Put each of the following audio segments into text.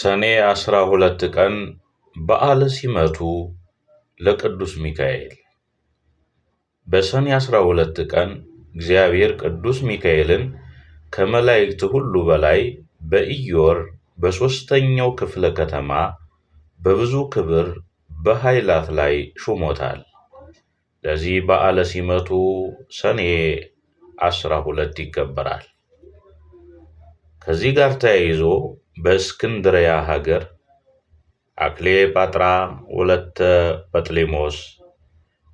ሰኔ አስራ ሁለት ቀን በዓለ ሲመቱ ለቅዱስ ሚካኤል። በሰኔ አስራ ሁለት ቀን እግዚአብሔር ቅዱስ ሚካኤልን ከመላእክት ሁሉ በላይ በኢዮር በሦስተኛው ክፍለ ከተማ በብዙ ክብር በኃይላት ላይ ሹሞታል። ለዚህ በዓለ ሲመቱ ሰኔ አስራ ሁለት ይከበራል። ከዚህ ጋር ተያይዞ በእስክንድርያ ሀገር አክሌጳጥራ ወለተ በጥሊሞስ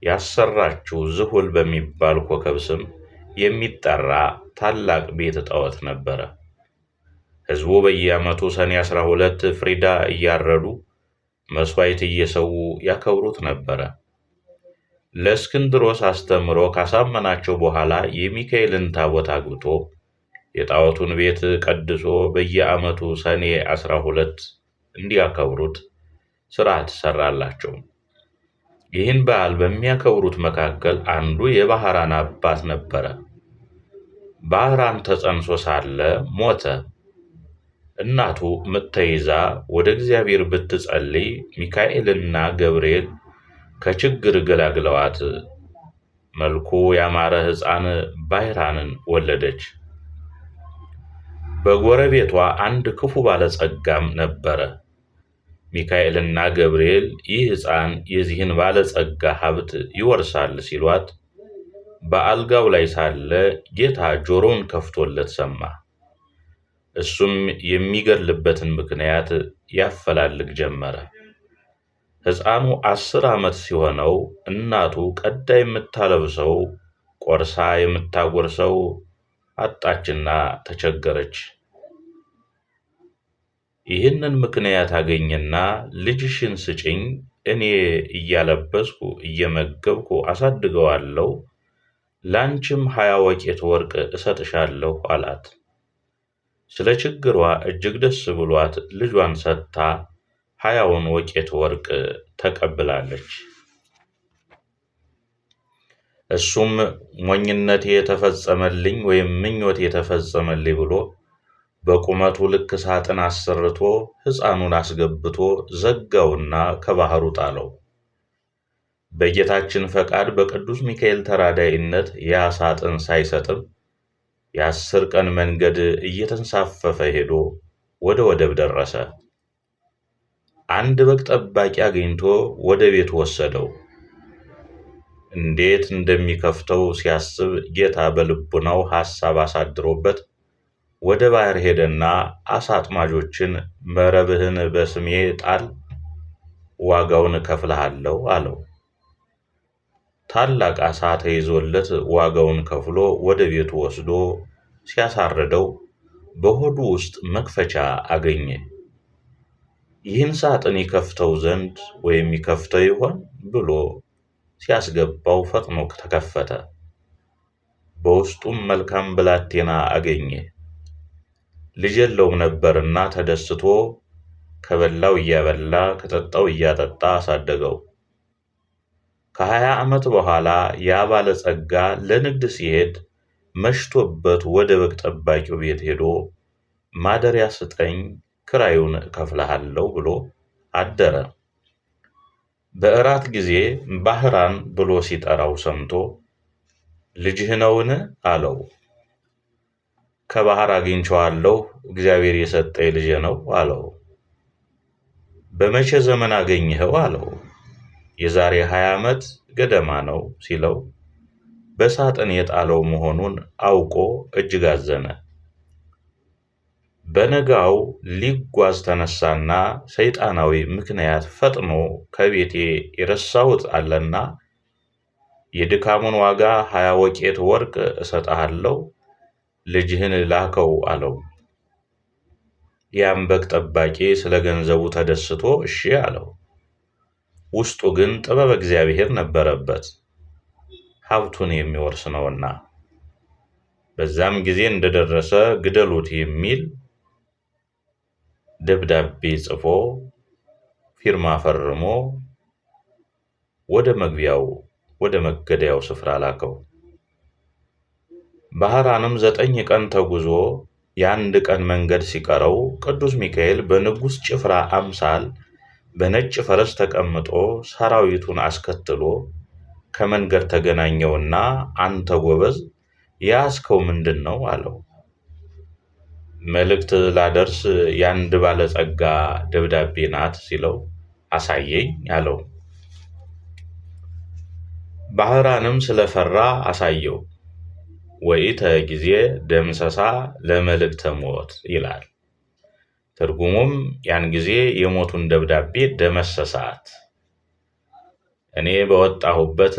ያሰራችው ዝሁል በሚባል ኮከብ ስም የሚጠራ ታላቅ ቤተ ጣዖት ነበረ። ሕዝቡ በየዓመቱ ሰኔ 12 ፍሪዳ እያረዱ መስዋይት እየሰዉ ያከብሩት ነበረ። ለእስክንድሮስ አስተምሮ ካሳመናቸው በኋላ የሚካኤልን ታቦት አግብቶ የጣዖቱን ቤት ቀድሶ በየዓመቱ ሰኔ አስራ ሁለት እንዲያከብሩት ስርዓት ሰራላቸው። ይህን በዓል በሚያከብሩት መካከል አንዱ የባህራን አባት ነበረ። ባህራን ተጸንሶ ሳለ ሞተ። እናቱ ምተይዛ ወደ እግዚአብሔር ብትጸልይ ሚካኤልና ገብርኤል ከችግር ገላግለዋት መልኩ ያማረ ሕፃን ባህራንን ወለደች። በጎረቤቷ አንድ ክፉ ባለጸጋም ነበረ። ሚካኤልና ገብርኤል ይህ ሕፃን የዚህን ባለጸጋ ሀብት ይወርሳል ሲሏት በአልጋው ላይ ሳለ ጌታ ጆሮውን ከፍቶለት ሰማ። እሱም የሚገድልበትን ምክንያት ያፈላልግ ጀመረ። ሕፃኑ አስር ዓመት ሲሆነው እናቱ ቀዳ የምታለብሰው ቆርሳ የምታጎርሰው አጣችና ተቸገረች። ይህንን ምክንያት አገኘና ልጅሽን ስጭኝ እኔ እያለበስኩ እየመገብኩ አሳድገዋለሁ ላንቺም ሀያ ወቄት ወርቅ እሰጥሻለሁ አላት። ስለ ችግሯ እጅግ ደስ ብሏት ልጇን ሰጥታ ሀያውን ወቄት ወርቅ ተቀብላለች። እሱም ሞኝነቴ የተፈጸመልኝ ወይም ምኞቴ የተፈጸመልኝ ብሎ በቁመቱ ልክ ሳጥን አሰርቶ ሕፃኑን አስገብቶ ዘጋውና ከባሕሩ ጣለው። በጌታችን ፈቃድ በቅዱስ ሚካኤል ተራዳይነት ያ ሳጥን ሳይሰጥም የአስር ቀን መንገድ እየተንሳፈፈ ሄዶ ወደ ወደብ ደረሰ። አንድ በግ ጠባቂ አግኝቶ ወደ ቤት ወሰደው። እንዴት እንደሚከፍተው ሲያስብ ጌታ በልቡናው ሐሳብ አሳድሮበት ወደ ባህር ሄደና አሳ አጥማጆችን መረብህን በስሜ ጣል፣ ዋጋውን እከፍልሃለሁ አለው። ታላቅ አሳ ተይዞለት ዋጋውን ከፍሎ ወደ ቤቱ ወስዶ ሲያሳርደው በሆዱ ውስጥ መክፈቻ አገኘ። ይህን ሳጥን ይከፍተው ዘንድ ወይም ይከፍተው ይሆን ብሎ ሲያስገባው ፈጥኖ ተከፈተ። በውስጡም መልካም ብላቴና አገኘ። ልጅ የለውም ነበርና ተደስቶ ከበላው እያበላ ከጠጣው እያጠጣ አሳደገው። ከሀያ ዓመት በኋላ ያ ባለጸጋ ለንግድ ሲሄድ መሽቶበት ወደ በግ ጠባቂው ቤት ሄዶ ማደሪያ ስጠኝ፣ ክራዩን እከፍልሃለሁ ብሎ አደረ። በእራት ጊዜ ባህራን ብሎ ሲጠራው ሰምቶ ልጅህ ነውን አለው። ከባህር አግኝቸዋለሁ እግዚአብሔር የሰጠኝ ልጄ ነው አለው። በመቼ ዘመን አገኘኸው አለው። የዛሬ ሀያ ዓመት ገደማ ነው ሲለው በሳጥን የጣለው መሆኑን አውቆ እጅግ አዘነ። በነጋው ሊጓዝ ተነሳና ሰይጣናዊ ምክንያት ፈጥኖ ከቤቴ የረሳሁት አለና የድካሙን ዋጋ ሀያ ወቄት ወርቅ እሰጥሃለሁ ልጅህን ላከው አለው። ያም በግ ጠባቂ ስለ ገንዘቡ ተደስቶ እሺ አለው። ውስጡ ግን ጥበብ እግዚአብሔር ነበረበት፣ ሀብቱን የሚወርስ ነውና። በዛም ጊዜ እንደደረሰ ግደሉት የሚል ደብዳቤ ጽፎ ፊርማ ፈርሞ ወደ መግቢያው ወደ መገደያው ስፍራ ላከው። ባህራንም ዘጠኝ ቀን ተጉዞ የአንድ ቀን መንገድ ሲቀረው ቅዱስ ሚካኤል በንጉሥ ጭፍራ አምሳል በነጭ ፈረስ ተቀምጦ ሰራዊቱን አስከትሎ ከመንገድ ተገናኘውና አንተ ጎበዝ ያስከው ምንድን ነው አለው። መልእክት ላደርስ የአንድ ባለጸጋ ደብዳቤ ናት ሲለው አሳየኝ አለው። ባህራንም ስለፈራ አሳየው። ወይተ ጊዜ ደምሰሳ ለመልእክተ ሞት ይላል። ትርጉሙም ያን ጊዜ የሞቱን ደብዳቤ ደመሰሳት። እኔ በወጣሁበት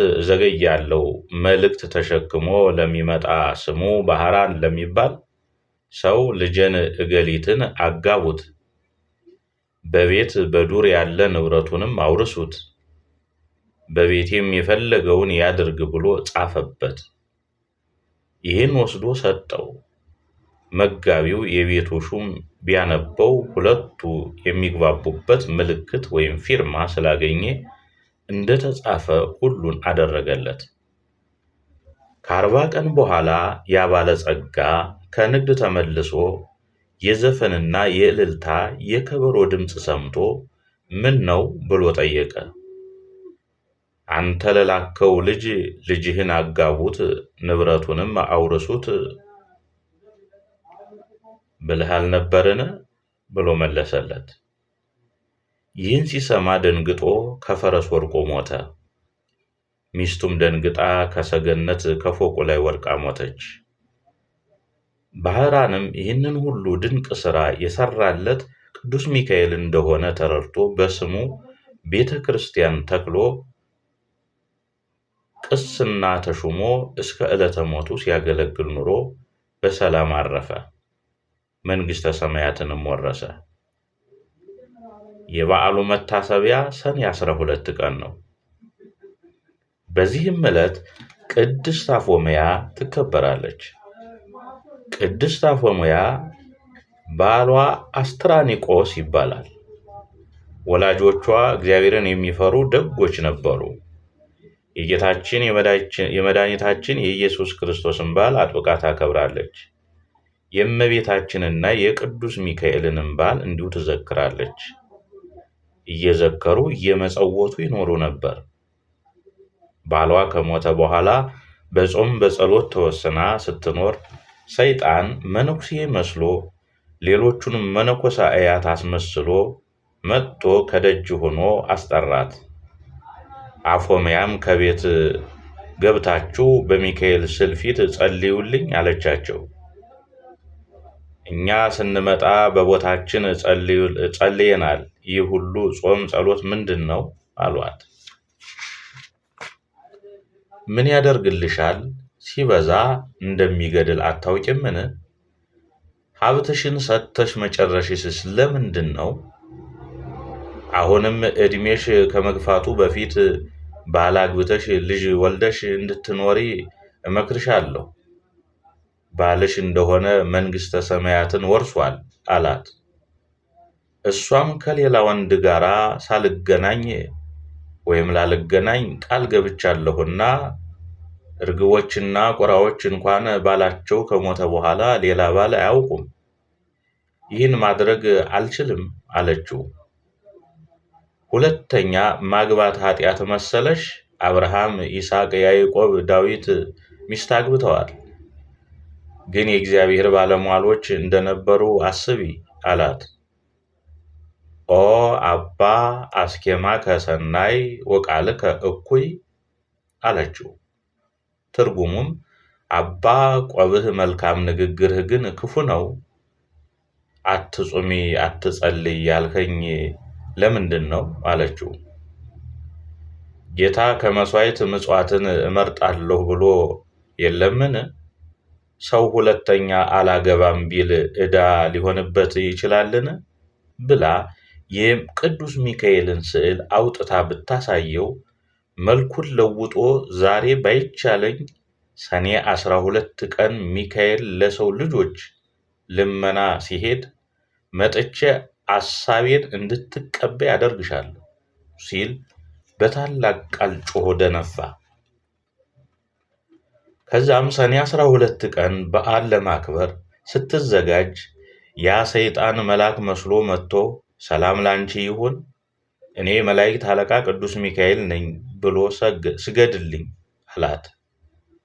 ያለው መልእክት ተሸክሞ ለሚመጣ ስሙ ባህራን ለሚባል ሰው ልጄን እገሊትን አጋቡት፣ በቤት በዱር ያለ ንብረቱንም አውርሱት፣ በቤቴም የፈለገውን ያድርግ ብሎ ጻፈበት። ይህን ወስዶ ሰጠው። መጋቢው የቤቱ ሹም ቢያነበው ሁለቱ የሚግባቡበት ምልክት ወይም ፊርማ ስላገኘ እንደተጻፈ ሁሉን አደረገለት። ከአርባ ቀን በኋላ ያ ባለጸጋ ከንግድ ተመልሶ የዘፈንና የእልልታ የከበሮ ድምፅ ሰምቶ ምን ነው ብሎ ጠየቀ። አንተ ለላከው ልጅ ልጅህን አጋቡት፣ ንብረቱንም አውርሱት ብልህ አልነበርን ብሎ መለሰለት። ይህን ሲሰማ ደንግጦ ከፈረስ ወድቆ ሞተ። ሚስቱም ደንግጣ ከሰገነት ከፎቁ ላይ ወድቃ ሞተች። ባህራንም ይህንን ሁሉ ድንቅ ሥራ የሰራለት ቅዱስ ሚካኤል እንደሆነ ተረድቶ በስሙ ቤተ ክርስቲያን ተክሎ ቅስና ተሹሞ እስከ ዕለተ ሞቱ ሲያገለግል ኑሮ በሰላም አረፈ። መንግሥተ ሰማያትንም ወረሰ። የበዓሉ መታሰቢያ ሰኔ 12 ቀን ነው። በዚህም ዕለት ቅድስት አፎምያ ትከበራለች። ቅድስት አፎምያ ባሏ አስትራኒቆስ ይባላል። ወላጆቿ እግዚአብሔርን የሚፈሩ ደጎች ነበሩ። የጌታችን የመድኃኒታችን የኢየሱስ ክርስቶስን በዓል አጥብቃ ታከብራለች። የእመቤታችንና የቅዱስ ሚካኤልንም በዓል እንዲሁ ትዘክራለች። እየዘከሩ እየመጸወቱ ይኖሩ ነበር። ባሏ ከሞተ በኋላ በጾም በጸሎት ተወስና ስትኖር ሰይጣን መነኩሴ መስሎ ሌሎቹንም እያት አስመስሎ መጥቶ ከደጅ ሆኖ አስጠራት። አፎሚያም ከቤት ገብታችሁ በሚካኤል ስዕል ፊት ጸልዩልኝ አለቻቸው። እኛ ስንመጣ በቦታችን ጸልየናል። ይህ ሁሉ ጾም ጸሎት ምንድን ነው አሏት። ምን ያደርግልሻል? ሲበዛ እንደሚገድል አታውቂምን? ሀብትሽን ሰጥተሽ መጨረሽስስ ለምንድን ነው? አሁንም እድሜሽ ከመግፋቱ በፊት ባል አግብተሽ ልጅ ወልደሽ እንድትኖሪ እመክርሻለሁ። ባልሽ እንደሆነ መንግሥተ ሰማያትን ወርሷል አላት። እሷም ከሌላ ወንድ ጋር ሳልገናኝ ወይም ላልገናኝ ቃል ገብቻለሁና እርግቦችና ቁራዎች እንኳን ባላቸው ከሞተ በኋላ ሌላ ባል አያውቁም። ይህን ማድረግ አልችልም አለችው። ሁለተኛ ማግባት ኃጢአት መሰለሽ? አብርሃም፣ ይስሐቅ፣ ያዕቆብ፣ ዳዊት ሚስት አግብተዋል፣ ግን የእግዚአብሔር ባለሟሎች እንደነበሩ አስቢ አላት። ኦ አባ አስኬማ ከሰናይ ወቃል ከእኩይ አለችው። ትርጉሙም አባ ቆብህ መልካም ንግግርህ ግን ክፉ ነው፣ አትጹሚ አትጸልይ ያልከኝ ለምንድን ነው አለችው። ጌታ ከመስዋዕት ምጽዋትን እመርጣለሁ ብሎ የለምን? ሰው ሁለተኛ አላገባም ቢል እዳ ሊሆንበት ይችላልን? ብላ ይህም ቅዱስ ሚካኤልን ስዕል አውጥታ ብታሳየው መልኩን ለውጦ ዛሬ ባይቻለኝ ሰኔ አስራ ሁለት ቀን ሚካኤል ለሰው ልጆች ልመና ሲሄድ መጥቼ አሳቤን እንድትቀበይ አደርግሻለሁ ሲል በታላቅ ቃል ጮሆ ደነፋ። ከዛም ሰኔ አስራ ሁለት ቀን በዓል ለማክበር ስትዘጋጅ ያ ሰይጣን መልአክ መስሎ መጥቶ ሰላም ላንቺ ይሁን፣ እኔ መላእክት አለቃ ቅዱስ ሚካኤል ነኝ ብሎ ስገድልኝ አላት።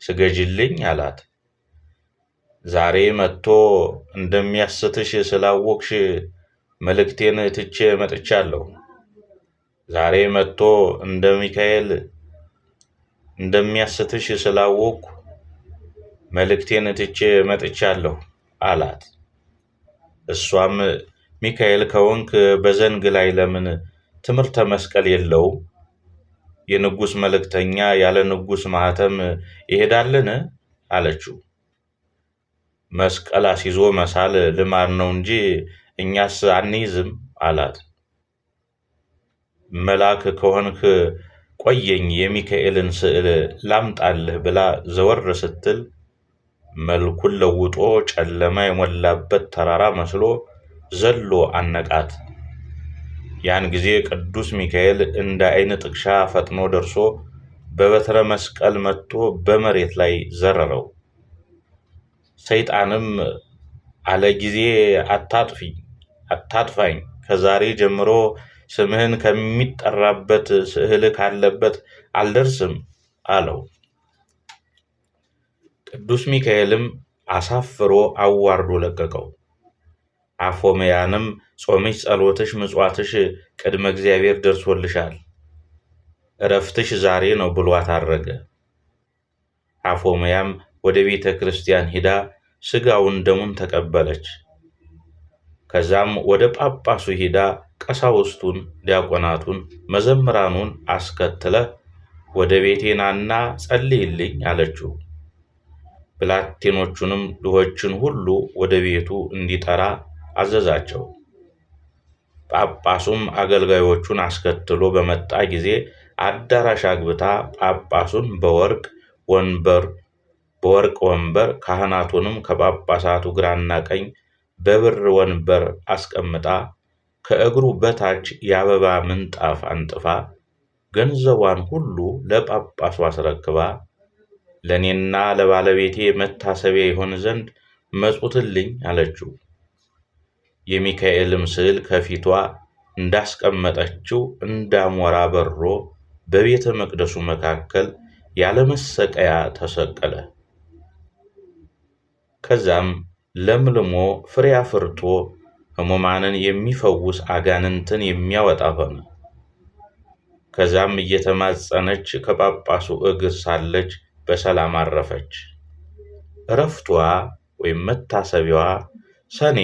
ስገጅልኝ አላት። ዛሬ መጥቶ እንደሚያስትሽ ስላወቅሽ መልእክቴን ትቼ መጥቻለሁ። ዛሬ መጥቶ እንደ ሚካኤል እንደሚያስትሽ ስላወቅኩ መልእክቴን ትቼ መጥቻለሁ አላት። እሷም ሚካኤል ከወንክ በዘንግ ላይ ለምን ትምህርተ መስቀል የለው የንጉሥ መልእክተኛ ያለ ንጉሥ ማኅተም ይሄዳልን? አለችው። መስቀል አስይዞ መሳል ልማድ ነው እንጂ እኛስ አንይዝም አላት። መልአክ ከሆንክ ቆየኝ የሚካኤልን ስዕል ላምጣልህ ብላ ዘወር ስትል መልኩን ለውጦ ጨለማ የሞላበት ተራራ መስሎ ዘሎ አነቃት። ያን ጊዜ ቅዱስ ሚካኤል እንደ ዓይን ጥቅሻ ፈጥኖ ደርሶ በበትረ መስቀል መጥቶ በመሬት ላይ ዘረረው። ሰይጣንም አለ ጊዜ አታጥፊኝ አታጥፋኝ። ከዛሬ ጀምሮ ስምህን ከሚጠራበት ስዕል ካለበት አልደርስም አለው። ቅዱስ ሚካኤልም አሳፍሮ አዋርዶ ለቀቀው። አፎመያንም ጾምሽ፣ ጸሎትሽ፣ ምጽዋትሽ ቅድመ እግዚአብሔር ደርሶልሻል፣ እረፍትሽ ዛሬ ነው ብሎ አታረገ። አፎመያም ወደ ቤተ ክርስቲያን ሂዳ ስጋውን ደሙን ተቀበለች። ከዚያም ወደ ጳጳሱ ሂዳ ቀሳውስቱን፣ ዲያቆናቱን፣ መዘምራኑን አስከትለ ወደ ቤቴናና ጸልይልኝ አለችው። ብላቴኖቹንም ድሆችን ሁሉ ወደ ቤቱ እንዲጠራ አዘዛቸው። ጳጳሱም አገልጋዮቹን አስከትሎ በመጣ ጊዜ አዳራሽ አግብታ ጳጳሱን በወርቅ ወንበር በወርቅ ወንበር ካህናቱንም ከጳጳሳቱ ግራና ቀኝ በብር ወንበር አስቀምጣ ከእግሩ በታች የአበባ ምንጣፍ አንጥፋ ገንዘቧን ሁሉ ለጳጳሱ አስረክባ ለእኔና ለባለቤቴ መታሰቢያ ይሆን ዘንድ መጹትልኝ አለችው። የሚካኤልም ስዕል ከፊቷ እንዳስቀመጠችው እንዳሞራ በሮ በቤተ መቅደሱ መካከል ያለመሰቀያ ተሰቀለ። ከዛም ለምልሞ ፍሬ አፍርቶ ሕሙማንን የሚፈውስ አጋንንትን የሚያወጣ ሆነ። ከዛም እየተማጸነች ከጳጳሱ እግር ሳለች በሰላም አረፈች። እረፍቷ ወይም መታሰቢያዋ ሰኔ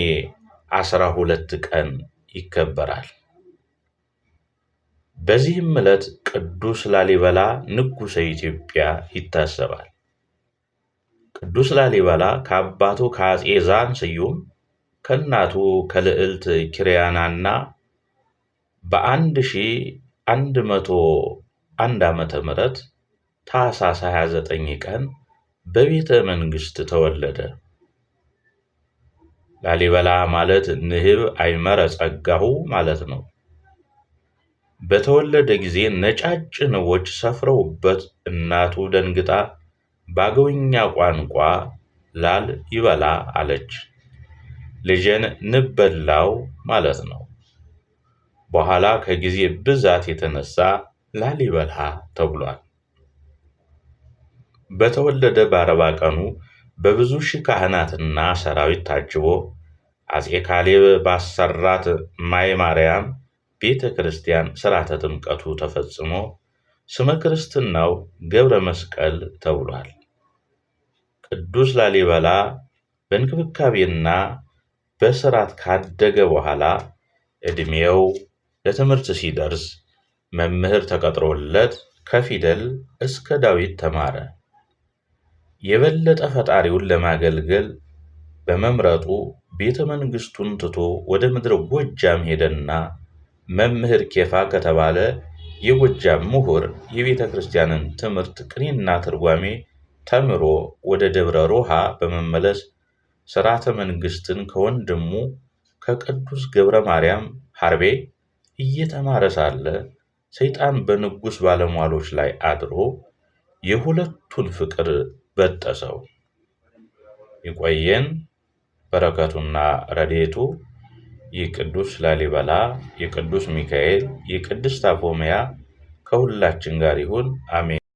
አስራ ሁለት ቀን ይከበራል። በዚህም ዕለት ቅዱስ ላሊበላ ንጉሠ ኢትዮጵያ ይታሰባል። ቅዱስ ላሊበላ ከአባቱ ከአጼ ዛን ስዩም ከእናቱ ከልዕልት ኪርያናና በአንድ ሺ አንድ መቶ አንድ ዓመተ ምህረት ታኅሳስ 29 ቀን በቤተ መንግሥት ተወለደ። ላሊበላ ማለት ንህብ አይመረ ጸጋሁ ማለት ነው። በተወለደ ጊዜ ነጫጭ ንቦች ሰፍረውበት እናቱ ደንግጣ በአገውኛ ቋንቋ ላል ይበላ አለች። ልጄን ንበላው ማለት ነው። በኋላ ከጊዜ ብዛት የተነሳ ላሊበላ ተብሏል። በተወለደ በአርባ ቀኑ በብዙ ሺህ ካህናትና ሰራዊት ታጅቦ አጼ ካሌብ ባሰራት ማይ ማርያም ቤተ ክርስቲያን ስርዓተ ጥምቀቱ ተፈጽሞ ስመ ክርስትናው ገብረ መስቀል ተብሏል። ቅዱስ ላሊበላ በእንክብካቤና በስርዓት ካደገ በኋላ ዕድሜው ለትምህርት ሲደርስ መምህር ተቀጥሮለት ከፊደል እስከ ዳዊት ተማረ። የበለጠ ፈጣሪውን ለማገልገል በመምረጡ ቤተ መንግስቱን ትቶ ወደ ምድረ ጎጃም ሄደና መምህር ኬፋ ከተባለ የጎጃም ምሁር የቤተ ክርስቲያንን ትምህርት ቅኔና ትርጓሜ ተምሮ ወደ ደብረ ሮሃ በመመለስ ሥርዓተ መንግሥትን ከወንድሙ ከቅዱስ ገብረ ማርያም ሐርቤ እየተማረ ሳለ ሰይጣን በንጉሥ ባለሟሎች ላይ አድሮ የሁለቱን ፍቅር በጠሰው። ይቆየን። በረከቱና ረዴቱ የቅዱስ ላሊበላ፣ የቅዱስ ሚካኤል፣ የቅድስት አፎምያ ከሁላችን ጋር ይሁን። አሜን።